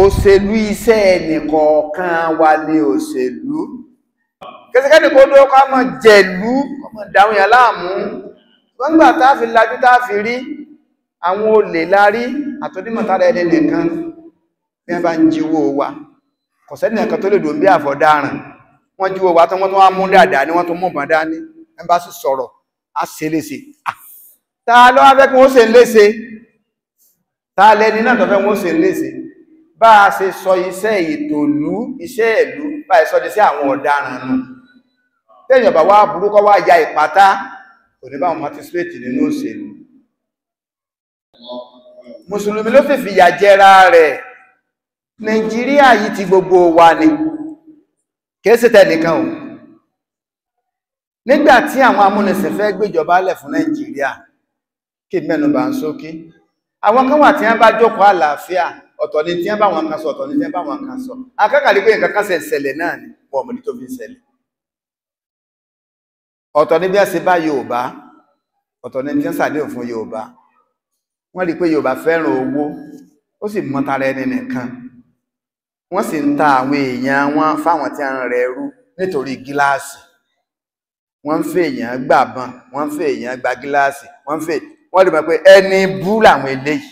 òṣèlú iṣẹ́ ẹnìkọ̀ọ̀kan wa ni òṣèlú kẹsẹ̀kẹ́ni kó dó ká mọ̀ jẹ̀lú ọmọ ìdáwọn yà láàmú gbọ́ngbà táà fi lajú táà fi rí àwọn olè lárí àtọ́dímọ̀tára ẹni nìkan bí wọ́n bá ń jíwó wa kọ̀sẹ́ni ẹ̀kan tó lè dùn bí àfọ̀dáràn wọ́n jíwó wa tán wọ́n tó wá mú dáadáa ní wọ́n tó mú bàá dání wọ́n bá sì sọ̀rọ̀ á ṣe léṣe ta ló wá fẹ́ kí wọ́n ṣe léṣe ta lẹni náà tó fẹ́ wọ́n ṣe léṣe bá a ṣe sọ iṣẹ́ ètòlú iṣẹ́ ìlú bá a sọ́dí sí àwọn ọ̀daràn nù tẹ́yìn ọ̀bà wá burúkọ wá ya ìpátá kò ní báwọn participate nínú òṣèlú mùsùlùmí ló fìfì yà jẹra rẹ̀ nàìjíríà yìí ti gbogbo wa ni kìí ṣe tẹnìkan o nígbà tí àwọn amúnisìn fẹ́ gbéjọba lẹ̀ fún nàìjíríà kí mẹ́nu bá ń ṣókí àwọn kan wà tí wọ́n bá jókòó àlàáfíà ọ̀tọ̀ ni tí ń bá wọn kan sọ ọ̀tọ̀ ni tí ń bá wọn kan sọ akẹ́kàlí pé nǹkan kan ṣẹlẹ̀ náà ni wọ́n mọ̀ ní tó fi ṣẹlẹ̀ ọ̀tọ̀ ni bí a ṣe bá Yorùbá ọ̀tọ̀ ni tí ń ṣàdéhùn fún Yorùbá wọ́n rí pé Yorùbá fẹ́ràn owó ó sì mọ tara ẹni nìkan wọ́n sì ń ta àwọn èèyàn wọn fáwọn tí a ń rẹ̀ ẹrú nítorí gíláàsì wọ́n ń fẹ́ èèyàn gbàbọn wọ́n ń fẹ́ èèyàn gba gíláàsì wọ́n ń fẹ́ wọ́n rí pé ẹni bú làwọn eléyìí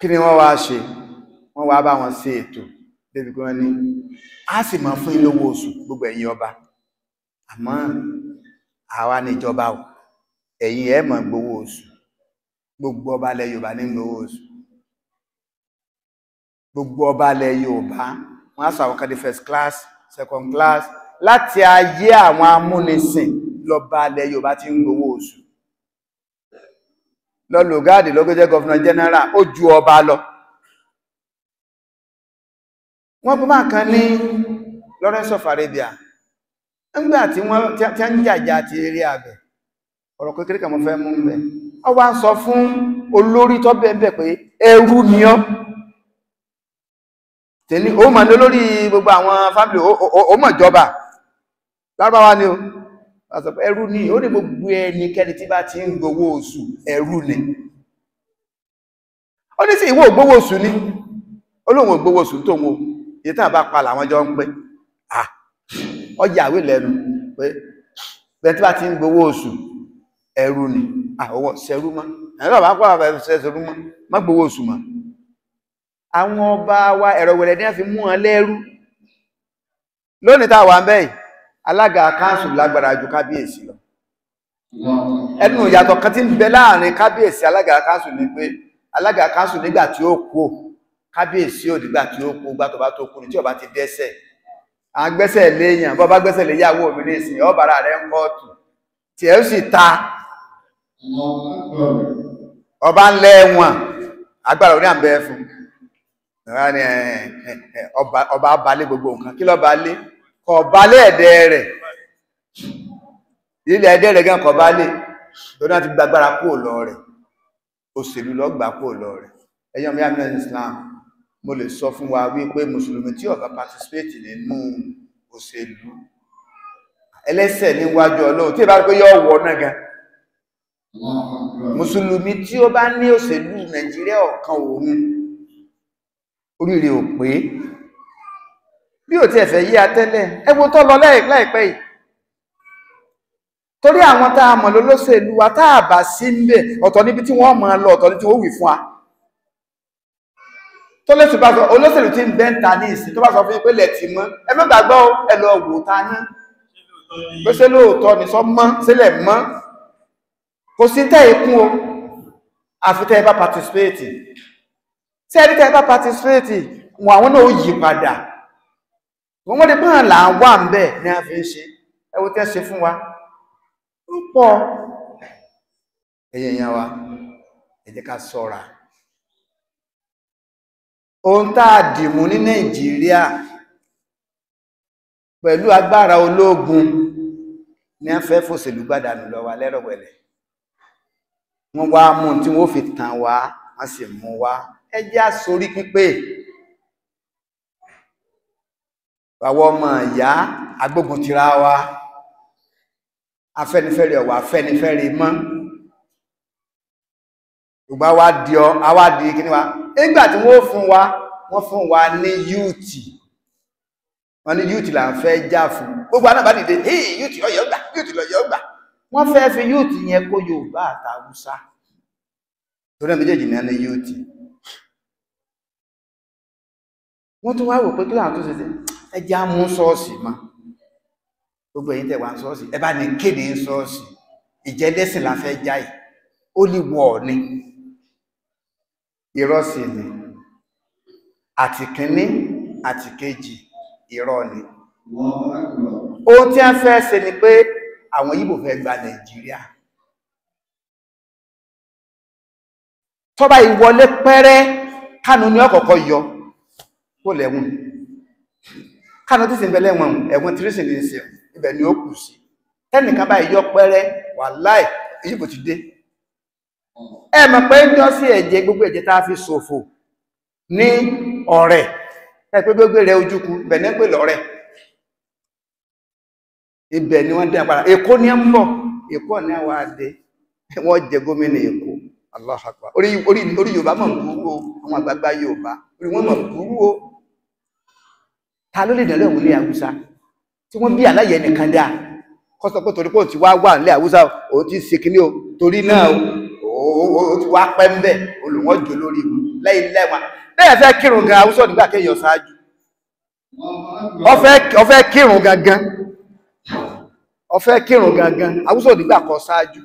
kí ni wọ́n wá ṣe wọ́n wá bá wọn ṣe ètò débi pé wọ́n ní a sì máa fún ilé owó oṣù gbogbo ẹ̀yin ọba àmọ́ àwa níjọba ò ẹ̀yin ẹ̀ máa gbowó oṣù gbogbo ọba ilẹ̀ Yorùbá ní gbowó oṣù gbogbo ọba ilẹ̀ Yorùbá wọ́n á sọ àwọn kan di first class second class láti ayé àwọn amúnisìn lọ́ba ilẹ̀ Yorùbá ti ń gbowó lọ́lùgáàdì lọ́gọ́jẹ́ gọ́fìnà jẹ́nẹ́rà ó ju ọba lọ wọ́n bú máa kan ní Lawrence of Arabia ńgbà tí wọ́n tí a ń jàjà àti eré àbẹ̀ ọ̀rọ̀ kékeré kàmọ́ fẹ́ mú bẹ̀ ọ wá sọ fún olórí tó bẹ̀ẹ̀bẹ̀ pé ẹrú ni ọ́ tẹ̀lé ó mà lórí gbogbo àwọn fábílì ó mọ̀ jọba lárúbáwá ni o àtọ̀pọ̀ ẹrú ní ó ní gbogbo ẹnikẹ́ni tí bá ti ń gbowó oṣù ẹrú ni ó ní sí ìwọ ògbówó oṣù ní olóhun ògbówó oṣù tó wọn èyí tàà bá pa làwọn jọ ń pẹ́ ọjà àwé lẹ́nu pé bẹ́ẹ̀ tí bá ti ń gbowó oṣù ẹrú ni àwọ̀ sẹ́rú mọ́ ẹ̀rọ bá pàwà bẹ̀rẹ̀ sẹ́rú mọ́ má gbowó oṣù mọ́ àwọn ọba wa ẹ̀rọ wẹ̀rẹ̀ ní a fi mú wọn lẹ́rú lónìí táwà bẹ́ẹ̀ alága káńsù lágbára ju kábíyèsí lọ ẹnu ìyàtọ̀ kan tí ń bẹ láàrin kábíyèsí alága káńsù ní pé alága káńsù nígbà tí ó kú kábíyèsí ò nígbà tí ó ti dẹsẹ à ń gbẹ́sẹ̀ léèyàn bọ́ bá gbẹ́sẹ̀ lé mi ní ìsìn ọ̀bàrà ń tí ẹ sì ta ọba ń agbára orí fún ọba gbogbo nǹkan kí lọ́ba kọ̀bálẹ̀ ẹ̀dẹ̀ rẹ̀ ilẹ̀ ẹ̀dẹ̀ rẹ̀ gan kọ̀bálẹ̀ tó náà ti gbàgbára kúrò lọ rẹ̀ òṣèlú lọ gbà kúrò lọ rẹ̀ ẹ̀yàn mi àmì Islam mo lè sọ fún wa wípé mùsùlùmí tí ó bá participate nínú òṣèlú ẹlẹ́sẹ̀ níwájú Ọlọ́run tí ẹ bá rí pé yọ wọ náà gan mùsùlùmí tí ó bá ní òṣèlú Nàìjíríà ọ̀kan òun oríire ò pé bí ò ti ẹ̀fẹ̀ yí atẹ́lẹ̀ ẹgbó tó lọ láìpẹ́ yìí torí àwọn tá a mọ̀ lólóṣèlú wa tá a bá sí mbẹ̀ ọ̀tọ̀ níbi tí wọ́n mọ̀ lọ ọ̀tọ̀ níbi tí wọ́n wì fún wa tó lẹ́sùn bá sọ olóṣèlú tí ń bẹ́ ń ta ní ìsìn tó bá sọ fún yín pé lẹ̀ ti mọ́ ẹ má gbàgbọ́ ẹ lọ wò ta ní pé ṣé lóòótọ́ ni sọ mọ́ sílẹ̀ mọ́ kò sí tẹ́ ikún o àfi tẹ́ ẹ bá participate tẹ́ ẹ ní tẹ́ ẹ bá participate wọn àwọn náà ó yí padà wọ́n wọ́n dé bá là ń wà ń bẹ̀ ní a fi ń ṣe ẹwọ́ tẹ́ ṣe fún wa ń pọ̀ ẹ̀yẹ̀ yẹn wa ẹ jẹ́ ká ṣọ́ra ohun tá a dìmú ní Nàìjíríà pẹ̀lú agbára ológun ní a fẹ́ fòṣèlú gbádànù lọ lẹ́rọ̀wẹ̀lẹ̀ wọ́n wá mú tí wọ́n fi tàn wá wọ́n sì mú wá ẹ jẹ́ pípé àwọn ọmọ ìyá agbógun tira wa afẹ́nifẹ́re ọ̀wọ̀ afẹ́nifẹ́re mọ́ ìgbà wa di ọ àwa di kíní wa nígbà tí wọ́n fún wa wọ́n fún wa ní yúùtì wọ́n ní yúùtì là ń fẹ́ já fún gbogbo anábà dìde hí yúùtì ọyọ gbà yúùtì lọyọ gbà wọ́n fẹ́ fi yúùtì yẹn kó Yorùbá àtàwùsá torí ẹ̀ méjèèjì ní yúùtì wọ́n tún wá wò pé kí láwọn tó ṣe ẹjá mú sọ́ọ̀sì ma gbogbo èyí tẹ̀wà sọ́ọ̀sì ẹ bá ní kéde sọ́ọ̀sì ìjẹ́dẹ́sìn la fẹ́ jáì ó lè wọ̀ ni irọ́ sì ni àti kìíní àti ni ohun tí a fẹ́ ṣe ni pé àwọn Ìgbò fẹ́ gba Nàìjíríà tọ́ba ìwọlé pẹ́rẹ́ kánú ni ọkọ̀ọ̀kọ̀ yọ kó lẹ́wọ̀n kánà tí sì ń bẹ̀lẹ̀ wọn ẹ̀wọ̀n tírísì ní ibẹ̀ ni ó kù sí tẹ́nìkan báyìí yọ pẹ́rẹ́ wà ti dé ẹ mọ̀ pé ń gbogbo ẹ̀jẹ̀ tá a fi ṣòfò ní ọ̀rẹ́ ẹ pé gbogbo rẹ̀ ojúkú ibẹ̀ ní pè ibẹ̀ ni wọ́n dé apára èkó ń bọ̀ èkó wọ́n jẹ gómìnà èkó orí Yorùbá mọ̀ ta ló lè dán lẹ́wọ̀n ilé haúsá tí wọ́n bí aláyẹ̀ nìkan dáa kọ́ sọ pé torí pé o ti wá wà nílẹ̀ haúsá o ti ṣe kíní o torí náà o ti wá pẹ́ ń bẹ̀ olùwọ́n jò lórí ìlú lẹ́yìn lẹ́wọ̀n lẹ́yìn fẹ́ kírun gan haúsá nígbà kéèyàn ṣáájú ó fẹ́ kírun gangan ó fẹ́ kírun gangan haúsá nígbà kan ṣáájú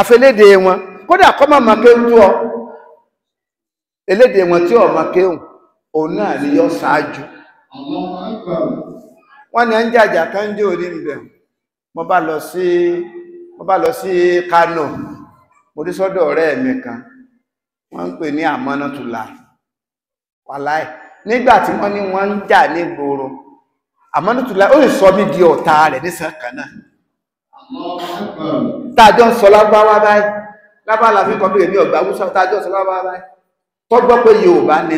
àfẹlédè wọn kódà kọ́ máa máa kéwú tó ọ elédè wọn tí ọ̀ máa kéwù òun náà ni yọ ṣáájú wọ́n ní ń jàjà kan dé orí mbẹ̀ mo bá lọ sí bá lọ sí Kano mo dé ọ̀rẹ́ kan wọ́n ń pè ní àmọ́nàtùlà wàláì nígbà tí wọ́n ní wọ́n ń jà ní gbòòrò ó sọ mí di ọ̀tá rẹ̀ ni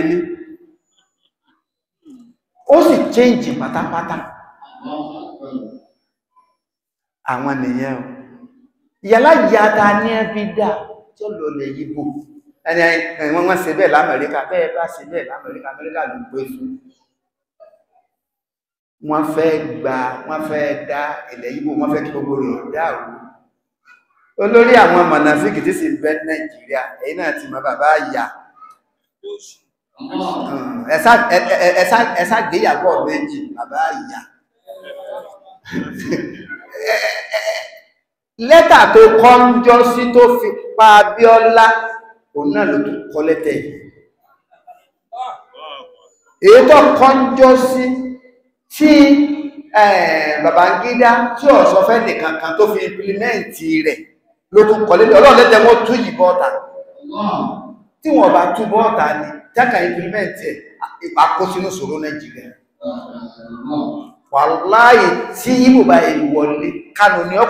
ó sì change pátápátá àwọn nìyẹn o ìyàlá ìyàta ní ẹbí dà tí ó lọ lè yíbò ẹni wọ́n wọ́n ṣe bẹ́ẹ̀ l'Amẹ́ríkà bẹ́ẹ̀ bá ṣe bẹ́ẹ̀ l'Amẹ́ríkà Amẹ́ríkà ló gbé fún wọ́n fẹ́ gba wọ́n fẹ́ dá ilẹ̀ yíbò wọ́n fẹ́ kí gbogbo rẹ̀ dá òun olórí àwọn mọ̀nàfíkì tí sì bẹ́ Nàìjíríà èyí náà ti mọ bàbá àyà ẹ̀sá gbéyàwó méjì bàbá ìyá lẹ́tà tó kọ́ ń jọ sí tó fi pa Abíọ́lá òun náà ló tún kọ́ lẹ́tẹ̀ èyí tó kọ́ ń jọ sí tí Babangida tí ọ̀sọ́ fẹ́ nìkan kan tó fi implimenti rẹ̀ ló tún kọ́ lẹ́tẹ̀ ọlọ́ọ̀lẹ́tẹ̀ wọ́n tú yìnbọn ọ̀tà tí wọ́n bá túbọ̀ ọ̀tà ni daka implimenti ìpapò sínú ṣòro nàìjíríà tí ibò bá èrè wọlé kánú ní yọ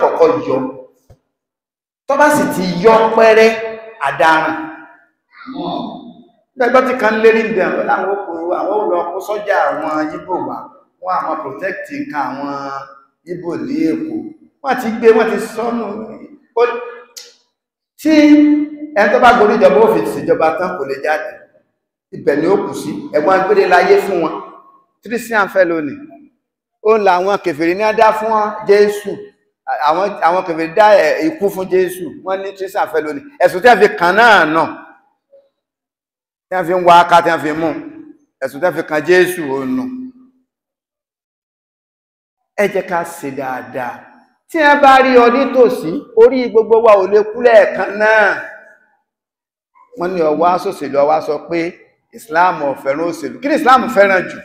tọba si ti yọ pẹ́rẹ́ àdáran gbẹ́gbọ́ ti kan lérí àwọn láwọn òkúrò àwọn olùọkú wà wọ́n àwọn protecti nǹkan àwọn ibò ní ibẹ̀ ni ó kù sí ẹ̀gbọ́n agbére láyé fún wọn christian fẹ́ lónìí ó ń la àwọn kèfèrí ní dá fún jésù àwọn kèfèrí dá ikú fún jésù wọ́n ní christian fẹ́ lónìí ẹ̀sùn tí a fi kàn náà náà tí a fi ń wá aká tí a fi mú ẹ̀sùn tí a fi kàn jésù ó nù ẹ jẹ́ ká ṣe dáadáa tí a bá rí ọ nítòsí orí gbogbo wa ò lè kú lẹ́ẹ̀kan náà wọ́n ní ọwọ́ asòsèlú ọwọ́ sọ pé islam ọ̀fẹ́ràn òṣèlú kí ni islam fẹ́ràn jù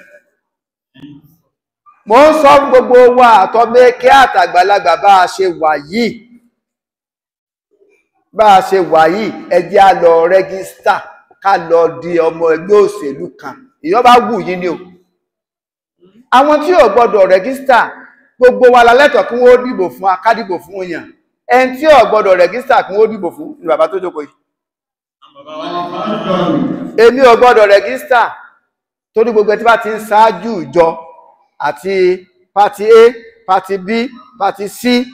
mo ń sọ gbogbo wa àtọ́mẹ́kẹ́ àtàgbàlagbà bá a ṣe wà yìí bá a ṣe wà yìí ẹ jẹ́ a lọ rẹ́gísítà ká lọ di ọmọ ẹgbẹ́ òṣèlú kan èèyàn bá wù yín ni o àwọn tí ò gbọ́dọ̀ rẹ́gísítà gbogbo wa lálẹ́tọ̀ kí wọ́n dìbò fún akádìbò fún èèyàn ẹni tí ò gbọ́dọ̀ rẹ́gísítà kí wọ́n dìbò fún ni bàbá tó jókòó yìí èmi ò gbọ́dọ̀ rẹ̀gísítà torí gbogbo ẹ̀ tí bá ti ń ṣáájú ìjọ àti pati a pati b pati c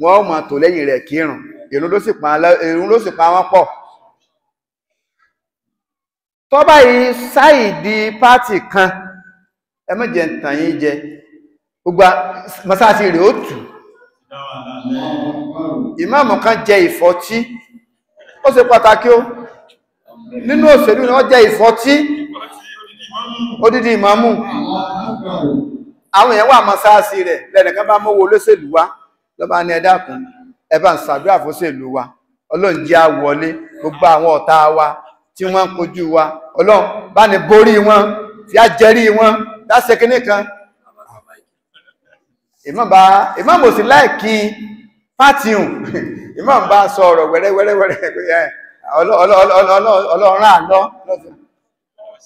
wọn ò máa tò lẹ́yìn rẹ̀ kírun ìrun ló sì pa wọ́n pọ̀ tó bá yìí ṣáìdì pati kan ẹ má jẹ́ ntàn yín jẹ gbogbo masáàsì rẹ̀ ó tù ìmáàmù kan jẹ ìfọ́tí ó ṣe pàtàkì ó nínú òṣèlú ni wọ́n jẹ́ ìfọ́tí odidi ìmámù àwọn èèyàn wà mọ́sáàsì rẹ̀ lẹ́nìkan bá mọ́wọ́ olóṣèlú wa lọ́ba ní ẹ dákun ẹ bá ń ṣàdúrà fóṣèlú wa ọlọ́run jẹ́ àwọlé gbogbo àwọn ọ̀tá wa tí wọ́n ń kojú wa ọlọ́run bá ní borí wọn fi á jẹrí wọn dáṣe kíní kan ìmọ̀ bá sí láìkí pátìhùn ìmọ̀ bá sọ ọ̀rọ̀ ọlọ́run àná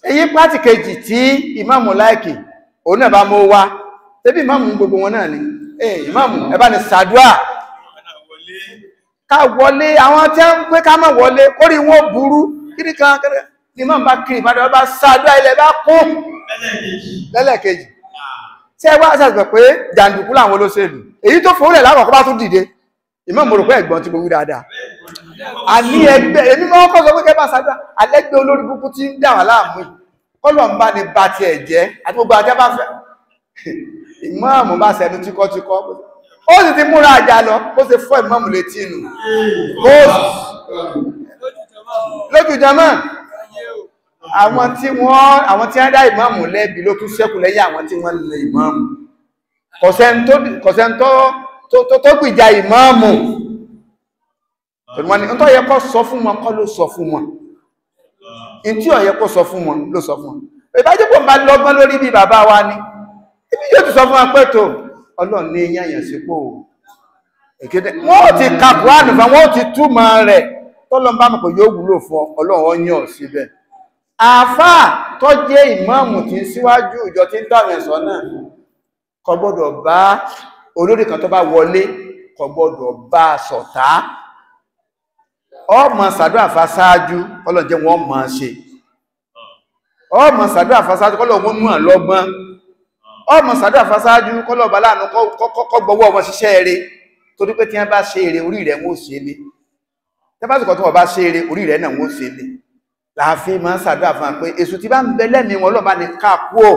èyí pàtì kejì tí ìmáàmù láìkì òun náà bá mọ́ wá tẹ́bí ìmáàmù gbogbo wọn náà ni eh ìmáàmù ẹ bá ní sàdúà ká wọlé àwọn tí ń pé ká má wọlé kórí wọn burú kíní kan kẹ́rẹ́ ni máa bá kiri ìbádọ́ bá sàdúà ilẹ̀ bá kún lẹ́lẹ́kejì tí ẹ wá sàgbẹ̀ pé jàǹdùkú làwọn olóṣèlú èyí tó fòórẹ̀ láwọn kọ́ bá tún dìde ìmọ̀ mo rò pé ẹ̀gbọ́n tí mo wí dáadáa a ní ẹgbẹ́ èmi máa kọ́ sọ pé kẹ́ bá ṣàdúrà alẹ́gbẹ́ olórí burúkú tí ń dà wá láàmú yìí kọ́lọ̀ ń bá ní ba tiẹ̀ jẹ́ àti gbogbo ajá bá fẹ́ ìmọ̀ àmọ́ bá ṣẹnu tíkọ́tíkọ́ ó sì ti múra àjà lọ bó ṣe fọ́ ìmọ̀mù létí nù lójú jama àwọn tí wọ́n àwọn tí wọ́n dá ìmọ̀mù lẹ́bi ló tún ṣẹ́kù lẹ́yìn àwọn tí wọ́n lè ìmọ̀mù kọ̀sẹ́ntọ́ tó gbìjà ìmáàmù ìwọ̀n ni tó yẹ kó sọ fún wọn kọ́ ló sọ fún wọn in tí ó yẹ kó sọ fún wọn ló sọ fún wọn ìbájúpọ̀ bá lọ́gbọ́n lórí bí bàbá wa ni ibi yóò ti sọ fún apẹ́tò ọlọ́run ní yáyàn sípò èkéde wọ́n ti ka Quran fún wọ́n ti túmọ̀ rẹ̀ tọ́lọ́n bá mọ̀kò yóò wúlò fún ọlọ́run ọyàn síbẹ̀ àáfàá tó jẹ́ ìmáàmù tí síwájú ìjọ tí ń dáwọn bá olórí kan tó bá wọlé kò gbọ́dọ̀ bá ṣọ̀tá ọmọ sàdúrà fásáájú Ọlọ́run jẹ́ wọ́n máa ṣe ọmọ sàdúrà fásáájú kọ́lọ̀ wọ́n mú àlọ́gbọ́n ọmọ sàdúrà fásáájú kọ́lọ̀ bá láàánú kọ́ gbọ́wọ́ ọmọ ṣiṣẹ́ rẹ̀ torí pé tí wọ́n bá ṣe eré orí rẹ̀ wọ́n ṣe lé tẹ́básìkọ̀ tó wọ́n bá ṣe eré orí rẹ̀ náà wọ́n ṣe lé láàfin máa ń sàdúrà fún wa pé èṣù ti bá ń bẹ lẹ́mìí wọn Ọlọ́run bá ní káàkúọ̀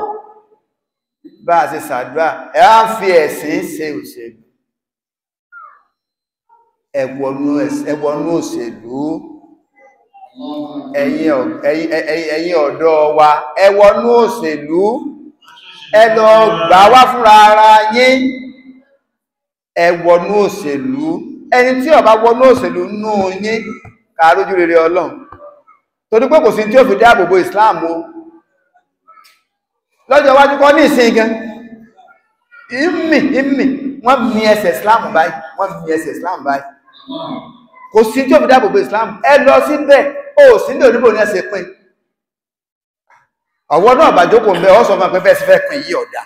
bá a ṣe sàdúrà ẹ á fi ẹ̀sìn ṣe òṣèlú ẹ̀wọ̀nú òṣèlú ẹ̀yin ọ̀dọ́ wa ẹ̀wọ̀nú òṣèlú ẹ lọ gbà wá fúnra ara yín ẹ̀wọ̀nú òṣèlú ẹni tí ó bá wọnú òṣèlú nú yín kàrójú rere ọlọ́run torí pé kò sí tí ó fi dáàbòbò ìsìláàmù lọ́jọ́ iwájú kọ́ ní ìsìn gan ìmì ìmì wọ́n mi ẹsẹ̀ islam báyìí wọ́n mi ẹsẹ̀ islam báyìí kò sí tí ó fi dáàbò islam ẹ lọ síbẹ̀ ó sí ní oníbò ní ẹsẹ̀ pin ọ̀wọ́ náà bẹ sọ fún pé bẹ́ẹ̀ fẹ́ pin yí ọ̀dà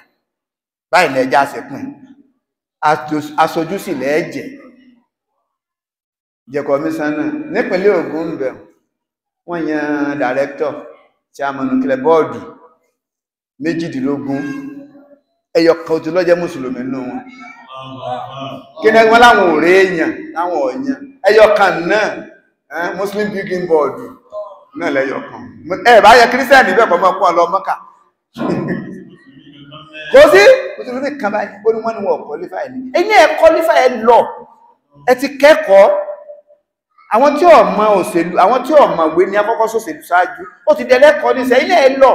báyìí lẹ́jà ṣe pin aṣojú sì lẹ́ẹ̀jẹ̀ jẹ́ kọmíṣánná nípínlẹ̀ Ògùn ń bẹ wọ́n yan méjìdínlógún ẹyọkan ojú lọ́jẹ́ mùsùlùmí nù wọn kí ní wọ́n láwọn òré èèyàn láwọn ọ̀yàn ẹyọkan náà muslim building board náà lẹ́yọkan ẹ bá yẹ kírísítẹ̀ níbẹ̀ pọ̀ mọ́ kún ọlọ mọ́kà kò sí mùsùlùmí kan báyìí ó ní wọ́n ní wọn qualify ní ẹ̀yìn ẹ̀ qualify lọ ẹ ti kẹ́kọ̀ọ́ àwọn tí ọmọ òṣèlú àwọn tí ọmọ ìwé ni akọ́kọ́ sòṣèlú ṣáájú ó ti dẹlẹ́kọ̀ọ́ ní sẹ́yìn ẹ̀ lọ